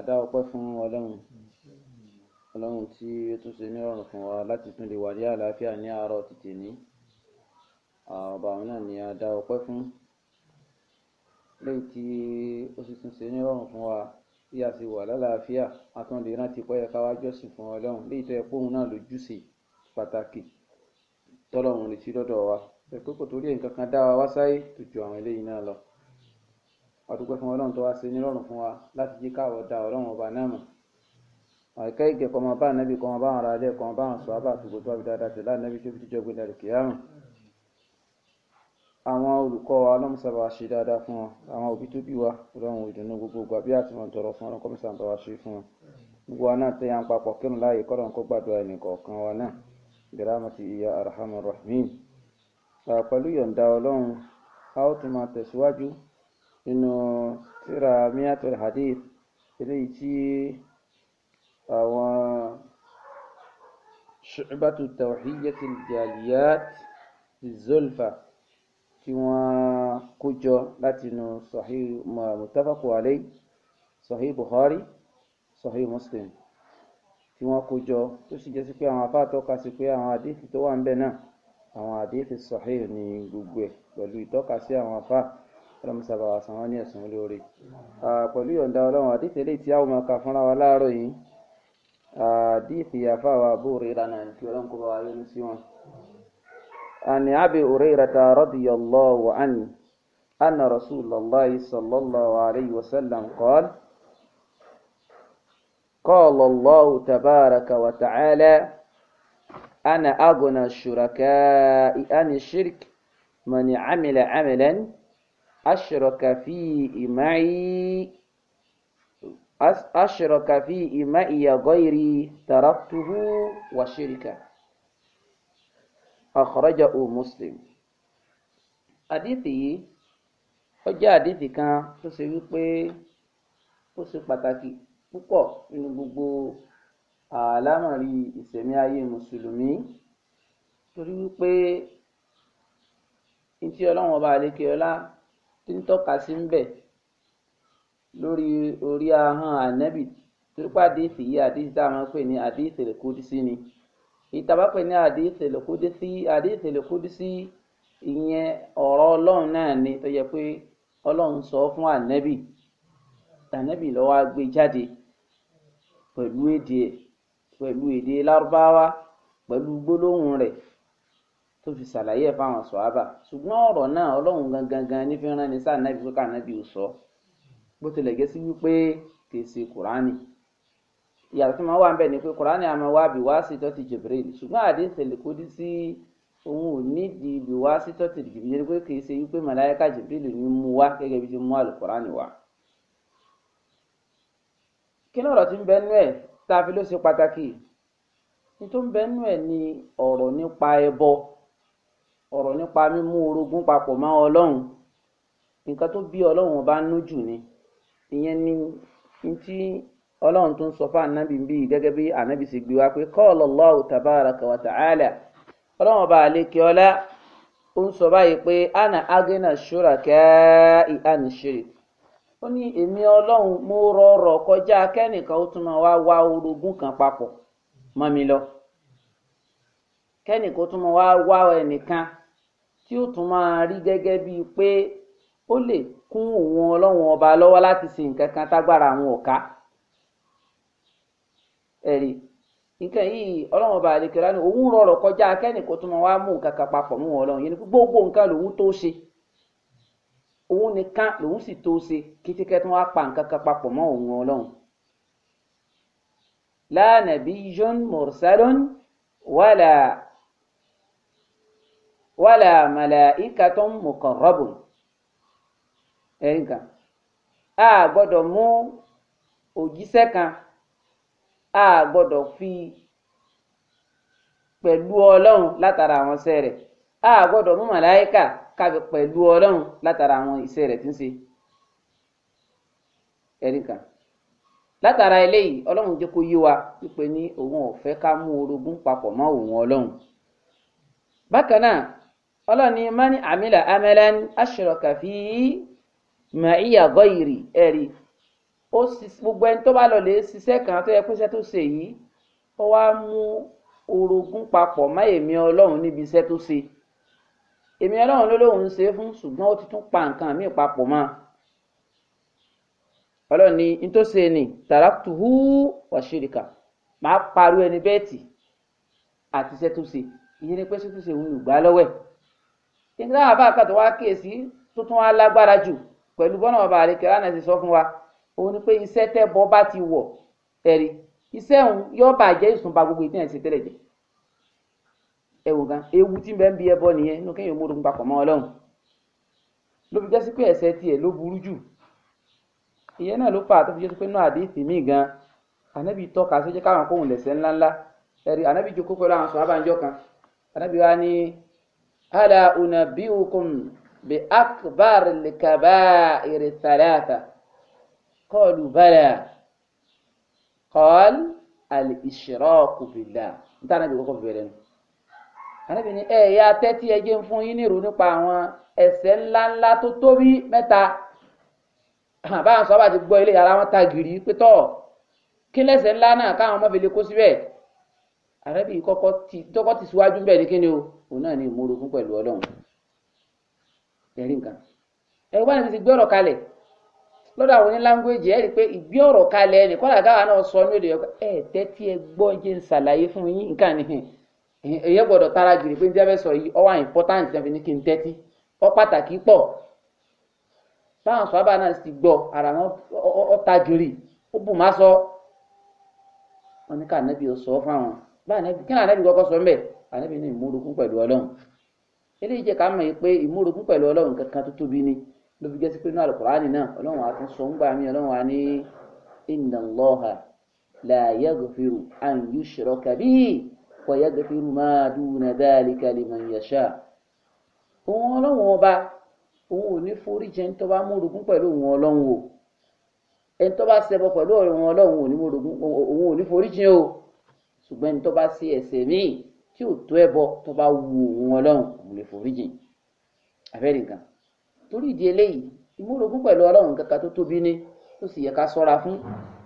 adá ọpẹ́ fún ọlọ́run ọlọ́run tí ó tún ṣe ní ọrùn fún wa láti tún lè wà ní àlàáfíà ní àárọ̀ tètè ní ọba àwọn náà ni adá ọpẹ́ fún lẹ́yìn tí ó sì tún ṣe ní ọrùn fún wa tí a sì wà lálàáfíà a tún lè rántí pé ẹ̀ka wá jọ́sìn fún ọlọ́run lẹ́yìn tó yẹ pé òun náà lójúṣe pàtàkì tọ́lọ́run retí lọ́dọ̀ wa pé kò torí nǹkan kan dá wa wá sáyé tó ju àwọn eléyìí náà lọ àdúgbò fún ọlọ́run tó wá ṣe nírọ̀rùn fún wa láti jí káwọ̀ da ọlọ́run ọba náà mọ̀ àìkẹ́ ìgẹ̀ kọ́mọ bá ànábì kọ́mọ bá àwọn ará ilé kọ́mọ bá àwọn sọ àbá àtúgbò tó wà bí dáadáa tẹ̀lé ànábì tó fi jíjọ gbé dàrí kìyàrùn àwọn olùkọ́ wa ọlọ́mùsàbà wa ṣe dáadáa fún wọn àwọn òbí tó bí wa ọlọ́run ìdùnnú gbogbo ìgbà bí àti wọn tọrọ fún ọlọ́kọ́mùsàbà wa ṣe fún wọn gbogbo wa náà tẹ̀yà ń papọ̀ kírun láàyè kọ́rọ̀ kó gbàdúrà ẹnì kọ̀ọ̀kan wa náà bìrámàtì ìyá arhamar rahimin pẹ̀lú yọ̀ǹda ọlọ́run a ó tún máa tẹ̀síwájú nínú tírà miatul hadith eléyìí tí àwọn ṣùgbàtú tawhiyyati jaliyat zulfa tí wọ́n kó jọ láti inú sahih mutafaqu alayhi sahih bukhari sahih muslim tí wọ́n kó jọ tó sì jẹ́ sí pé àwọn afáàtọ́ ka sí pé àwọn àdéhìí tó wà ń bẹ̀ náà àwọn àdéhìí sahih ní gbogbo ẹ̀ pẹ̀lú ìtọ́ka sí àwọn afáà ọlọ́mọsàbà wà sàn wọ́n ní ẹ̀sùn olóore pẹ̀lú yọ̀ǹda ọlọ́run àdìsí eléyìí tí àwọn máa ka fúnra wa láàárọ̀ yìí àdìsí àfa wa Abu Hurairah náà kí ọlọ́run kó bá wa yọ́nú sí wọn. àní Abi Hurairata radiyallahu anhu anna rasulullahi sallallahu alayhi wa sallam qala qala Allahu tabaraka wa ta'ala ana aghna shuraka'i ani shirk man amila amalan. أشرك fihi ma'i أشرك fihi ma'i غيري taraktuhu وشركه. shirka مسلم. muslim àdìsí yìí ó jẹ́ àdìsí kan tó ṣe wípé ó ṣe pàtàkì púpọ̀ nínú gbogbo àlámọ̀rí ìṣẹ̀mí ayé mùsùlùmí torí wípé ntí ọlọ́run ọba àlékè ọlá tí ń tọ́ka sí ń bẹ̀ lórí orí ahọ́n ànẹ́bì torípé àdéhìsì yìí àdéhìsì tá pè ní àdéhìsì lèkúdísí ni ìtàbá pè ní àdéhìsì lèkúdísí àdéhìsì lèkúdísí ìyẹn ọ̀rọ̀ ọlọ́run náà ni tó yẹ pé ọlọ́run sọ fún ànẹ́bì ànẹ́bì ló wá gbé jáde pẹ̀lú èdè pẹ̀lú èdè lárúbáwá pẹ̀lú gbólóhùn rẹ̀ tó fi ṣàlàyé ẹ̀ fáwọn sọ̀hábà ṣùgbọ́n ọ̀rọ̀ náà ọlọ́run gangan gan ní fi rán ni sáà nábì sókà nábì ò sọ bó tilẹ̀ gẹ́ sí wípé kì í ṣe kùránì ìyàtọ̀ tí máa wà ń bẹ̀ ni pé kùránì àmọ́ wá bí wá sí tọ́tì Jibril ṣùgbọ́n àdéhùn kò dí sí òun ò nídìí bí wá sí tọ́tì Jibril pé kì í ṣe wípé màláyíká Jibril ni mú wá gẹ́gẹ́ bí ti mú àlùkùránì wá. kí ni ọ̀rọ̀ ní ni ọ̀rọ̀ nípa ẹbọ. ọ̀rọ̀ nípa mímú orogún papọ̀ mọ́ ọlọ́run nǹkan tó bí ọlọ́run ọba nú jù ni ìyẹn ni tí ọlọ́run tó ń sọ fún ànábì bíi gẹ́gẹ́ bí ànábì sì gbé wa pé qala Allahu tabaraka wa ta'ala ọlọ́run ọba àlekè ọlá ó ń sọ báyìí pé ana agena shuraka i an shirik ó ní èmi ọlọ́run mo rọrọ̀ kọjá kẹ́nìkan ó tún máa wá wá orogún kan papọ̀ mọ́ mi lọ kẹ́nìkan ó tún máa wá wá ẹnìkan tí yóò tún máa rí gẹ́gẹ́ bíi pé ó lè kún òun ọlọ́run ọba lọ́wọ́ láti ṣe nǹkan kan tágbára àwọn ọ̀ka ẹ̀rí nǹkan yìí ọlọ́run ọba àlekèrè ni òun rọrọ̀ kọjá akẹ́nìkan tó máa wá mú nǹkan kan papọ̀ mú ọlọ́run yẹn ni gbogbo nǹkan lòun tó ṣe òun nìkan lòun sì tó ṣe kítíkẹ́ tó wá pa nǹkan kan papọ̀ mọ́ òun ọlọ́run la nabiyyun mursalun wala wàlà malaikatun muqarrabun ẹ̀yìn kan a gbọdọ mú òjíṣẹ́ kan a gbọdọ fi pẹ̀lú ọlọ́run látara àwọn iṣẹ́ a gbọdọ mú màláíkà kábi pẹ̀lú ọlọ́run látara àwọn iṣẹ́ rẹ̀ tí ń ṣe látara eléyìí kó yé wa wípé ní òun ò ká mú ọlọ́ni mani amila amalan ashraka fi ma'iya ghairi ẹ̀rí ó sì gbogbo ẹni tó bá lọ lè ṣiṣẹ́ kan tó yẹ pé iṣẹ́ tó ṣe yìí ó wá mú orogún papọ̀ má èmi ọlọ́run níbi iṣẹ́ tó ṣe èmi ọlọ́run ló lóun ń ṣe fún ṣùgbọ́n ó ti tún pa nǹkan míì papọ̀ mọ́ ọlọ́run ni n tó ṣe ni tàràtúhù wàṣíríkà máa parí ẹni bẹ́ẹ̀tì àti iṣẹ́ tó ṣe ìyẹn ni pé iṣẹ́ tó ṣe òun ò gbà lọ́wọ́ ẹ̀ nígbà àwọn àbá àkàtọ̀ wá kíyèsí tuntun wá lágbára jù pẹ̀lú bọ́nà bàbá àlekè lánàá ti sọ fún wa òun ni pé iṣẹ́ tẹ́bọ bá ti wọ̀ tẹ̀rí iṣẹ́ òun yóò bàjẹ́ ìsúnba gbogbo ìdíyàn ṣe tẹ́lẹ̀ jẹ ẹ wò gan ewu tí bẹ́ẹ̀ ń bi ẹbọ nìyẹn inú kéèyàn mú orun papọ̀ mọ́ ọlọ́run ló fi jásí pé ẹ̀ṣẹ̀ tiẹ̀ ló burú jù ìyẹn náà ló fà á tó fi jásí pé náà àdéhìí tèmí gan ànábì tọ́ka sójẹ́ káwọn kóhùn lẹ̀ṣẹ̀ ńláńlá ẹ̀rí ànábì jókòó pẹ̀lú àwọn sọ̀rọ̀ àbájọ kan ànábì wa ní. ألا أنبئكم بأكبر الكبائر الثلاثة قالوا بلى قال الإشراك بالله níta náà bí kókó fi bẹ̀rẹ̀ nù. ànábì ní ẹ ya tẹ́tí ẹ jẹ́ ń fún yín ní ìrònú pa àwọn ẹ̀ṣẹ̀ ńláńlá tó tóbi mẹ́ta báwọn sọ́ba ti gbọ́ ilé yàrá wọn ta gìrì pé tọ́ kí lẹ́ṣẹ̀ ńlá náà káwọn ọmọ fi lè kó síbẹ̀. àrẹ́bí kọ́kọ́ ti tọ́kọ́ ti síwájú bẹ́ẹ̀ ni kíni o òun náà ni ìmúru fún pẹ̀lú ọlọ́run ẹ̀rí nǹkan ẹ̀rọ bá ní ti gbé ọ̀rọ̀ kalẹ̀ lọ́dọ̀ àwọn onílángwéjì ẹ̀rí pé ìgbé ọ̀rọ̀ kalẹ̀ ẹni kọ́lá náà sọ ní èdè ọ̀gá ẹ̀ tẹ́tí ẹ gbọ́ jẹ́ ń tara gírí pé sọ ọ bá ànábì kí ànábì kọ́kọ́ sọ mbẹ́ ànábì ní ìmúrogún pẹ̀lú ọlọ́run eléyìí jẹ́ ká mọ̀ pé ìmúrogún pẹ̀lú ọlọ́run kankan tó tóbi ni ló fi jẹ́sí pé nínú àlùkùránì náà ọlọ́run á tún sọ ńgbà mí ọlọ́run á ní inna Allaha la yaghfiru an yushraka bihi wa yaghfiru ma duna dhalika liman yasha òun ọlọ́run ọba òun ò ní forí jẹ ní tó bá òun ọlọ́run o ẹni tó bá ṣẹbọ pẹ̀lú òun ọlọ́run òun ò ní forí jẹ o ṣùgbọ́n ẹni tó bá sí ẹ̀ṣẹ̀ míì tí ò tó ẹbọ tó bá wu òun Ọlọ́run òun lè foríjìn abẹ́rẹ́ nǹkan torí ìdí eléyìí ìmúrogún pẹ̀lú Ọlọ́run kankan tó tóbi ní tó sì yẹ ká ṣọ́ra fún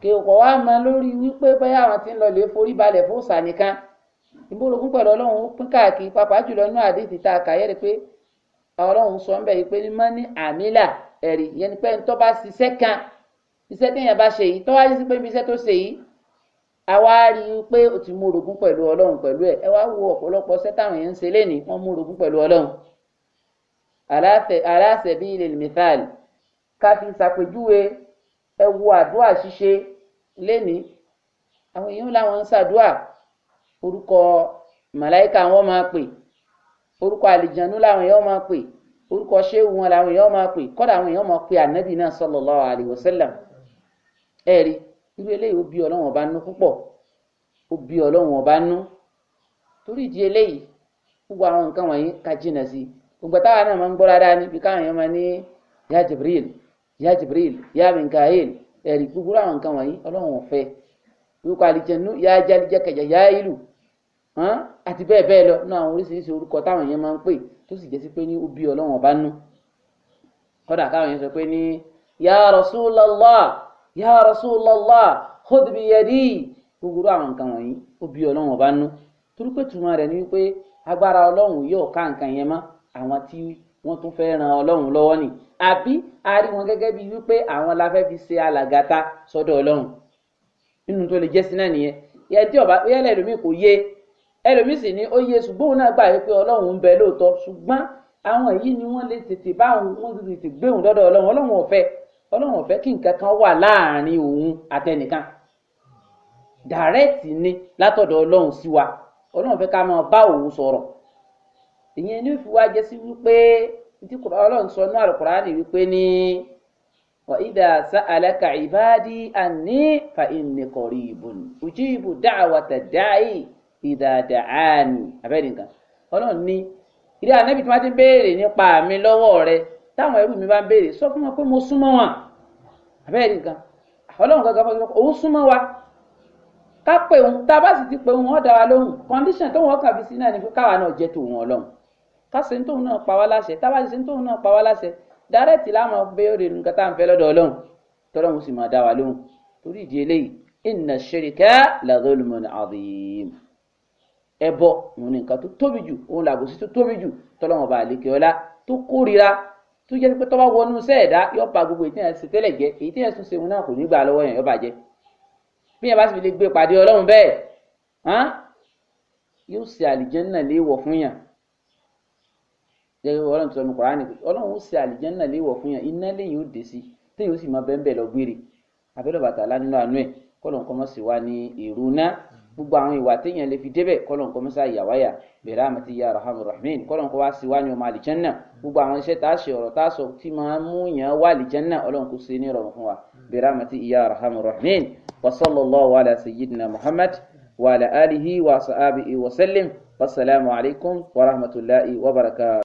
kí o kọ̀ wá mọ lórí wípé bẹ́ẹ̀ àwọn tí ń lọ lè forí balẹ̀ fún òòṣà nìkan ìmúrogún pẹ̀lú Ọlọ́run ó pín káàkiri pàápàá jùlọ inú àdéhìí tá a kà yẹ́ rí pé Ọlọ́run sọ ń bẹ̀ yìí pé ní mọ́ ní àmìlà ẹ̀rí ìyẹn ni pé ń tọ́ bá ṣiṣẹ́ kan iṣẹ́ téèyàn bá ṣe yìí tọ́wájú sí pé ibi iṣẹ́ tó ṣe yìí a wá rí i pé o ti mú orogún pẹ̀lú ọlọ́run pẹ̀lú ẹ̀ ẹ wá wo ọ̀pọ̀lọpọ̀ sẹ́tàwọn yẹn ń ṣe lénìí wọ́n mú orogún pẹ̀lú ọlọ́run aláṣẹ bí ilẹ̀ mìtàl ká fi ṣàpèjúwe ẹ wo àdúrà ṣíṣe lénìí àwọn èèyàn làwọn ń ṣàdúrà orúkọ màláìka wọn máa pè orúkọ àlìjànú làwọn èèyàn máa pè orúkọ ṣéwù wọn làwọn èèyàn máa pè kọ́dà àwọn èèyàn máa pè ànábì náà sallallahu alaihi wasallam ẹ̀rí. irú eléyìí obi bí ọlọ́run ọba nú púpọ̀ ó bí ọlọ́run ọba nú torí ìdí eléyìí gbogbo àwọn nǹkan wọ̀nyí ká jìnnà sí i gbogbo táwa náà máa ń gbọ́ dáadáa níbi káwọn èèyàn máa ní ya Jibril ya Jibril ya Mikael ẹ̀rí gbogbo àwọn nǹkan wọ̀nyí ọlọ́run ọ̀fẹ́ orúkọ àlìjẹnú ya jálíjẹkẹjẹ ya ìlú àti bẹ́ẹ̀ bẹ́ẹ̀ lọ náà àwọn oríṣiríṣi orúkọ táwọn èèyàn máa ń pè tó sì jẹ́ ọba nú káwọn èèyàn sọ pé ní ya Rasulullah khudh biyadi gbogbo àwọn nǹkan wọ̀nyí ó bí ọlọ́run ọba nú torí pé tùmọ̀ rẹ̀ ni wípé agbára ọlọ́run yóò ká nǹkan yẹn mọ́ àwọn tí wọ́n tún fẹ́ ran ọlọ́run lọ́wọ́ ni àbí a rí wọn gẹ́gẹ́ bíi wípé àwọn la fẹ́ fi ṣe alàgàtà sọ́dọ̀ ọlọ́run nínú tó lè jẹ́ sí náà nìyẹn yẹ tí ọba yẹ lẹ́lòmíì kò yé ẹlòmíì sì ni ó yé ṣùgbọ́n òun náà gbà wípé ọlọ́run ń bẹ lóòótọ́ ṣùgbọ́n àwọn èyí ni wọ́n lè tètè bá òun wọ́n tètè gbé òun dọ́dọ̀ ọlọ́run ọlọ́run ò ọlọ́run ò fẹ́ kí nǹkan kan wà láàrin òun àtẹnìkan dàrẹ́ẹ̀tì ni látọ̀dọ̀ ọlọ́run sí wa ọlọ́run fẹ́ ká máa bá òun sọ̀rọ̀ ìyẹn ní òfin wa jẹ́ sí wípé tí ọlọ́run sọ ní àlùkùránì wípé ní wa idha sa'alaka ibadi anni fa inni qaribun ujibu da'wata da'i idha da'ani abẹ́rẹ́ nǹkan ọlọ́run ní ilé ànábì tí wọ́n ti ń béèrè nípa mi lọ́wọ́ rẹ táwọn ẹrú mi bá ń béèrè sọ fún wọn pé mo súnmọ́ wọn àbẹ́ẹ̀ rí nǹkan ọlọ́run gangan fọ́n òun súnmọ́ wa ká pè òun tá a bá sì ti pè òun ọ̀dà wa lóhùn condition tóun ọkàn fi sí náà ni pé káwa náà jẹ́ tòun ọlọ́run ká ṣe tóun náà pa wá láṣẹ tá a bá ṣe tóun náà pa wá láṣẹ dárẹ́tì láwọn béèrè nǹkan tá à ń fẹ́ lọ́dọ̀ ọlọ́run tọ́lọ́run sì máa dá wa lóhùn torí ìdí eléyìí inna shirka la dhulmun adhim ẹbọ òun ni nǹkan tó tóbi jù òun làgòsí tó tóbi jù tọ́lọ́run ọba tó kórira tó jẹ́ pé tọ́ba wọnú sẹ́ẹ̀dá yọ pa gbogbo èyí tí yẹn ṣe tẹ́lẹ̀ jẹ èyí tí yẹn tún ṣe wọn náà kò ní gbà lọ́wọ́ yẹn yọ bàjẹ́ bí yẹn bá sì fi lè gbé pàdé ọlọ́run bẹ́ẹ̀ hàn yóò ṣe àlìjẹ́nà léèwọ̀ fún yàn jẹ́ ọlọ́run tó sọ ní Kùránì ọlọ́run ó ṣe àlìjẹ́nà léèwọ̀ fún yàn iná lẹ́yìn ó dé sí téèyàn ó sì máa bẹ́ẹ̀ bẹ́ẹ̀ lọ gbére abẹ́lẹ́ bàtà lánàá àánú ẹ̀ kọ́lọ̀ gbogbo àwọn ìwà téèyàn lè fi débẹ̀ kọ́lọ̀ nǹkan mẹ́sà ìyàwáyà bẹ̀rẹ̀ àmàtí ya rahman rahman kọ́lọ̀ nǹkan wá sí wáyé ọmọ àlìjẹ́nà gbogbo àwọn iṣẹ́ tá a ṣe ọ̀rọ̀ tá a sọ tí máa mú yàn wá àlìjẹ́nà ọlọ́run kò ṣe ní ìrọ̀rùn fún wa bẹ̀rẹ̀ àmàtí ya rahman rahman wa sallallahu sayyidina muhammad wa ala wa sahabihi wa wa rahmatulahi wa barakatuh.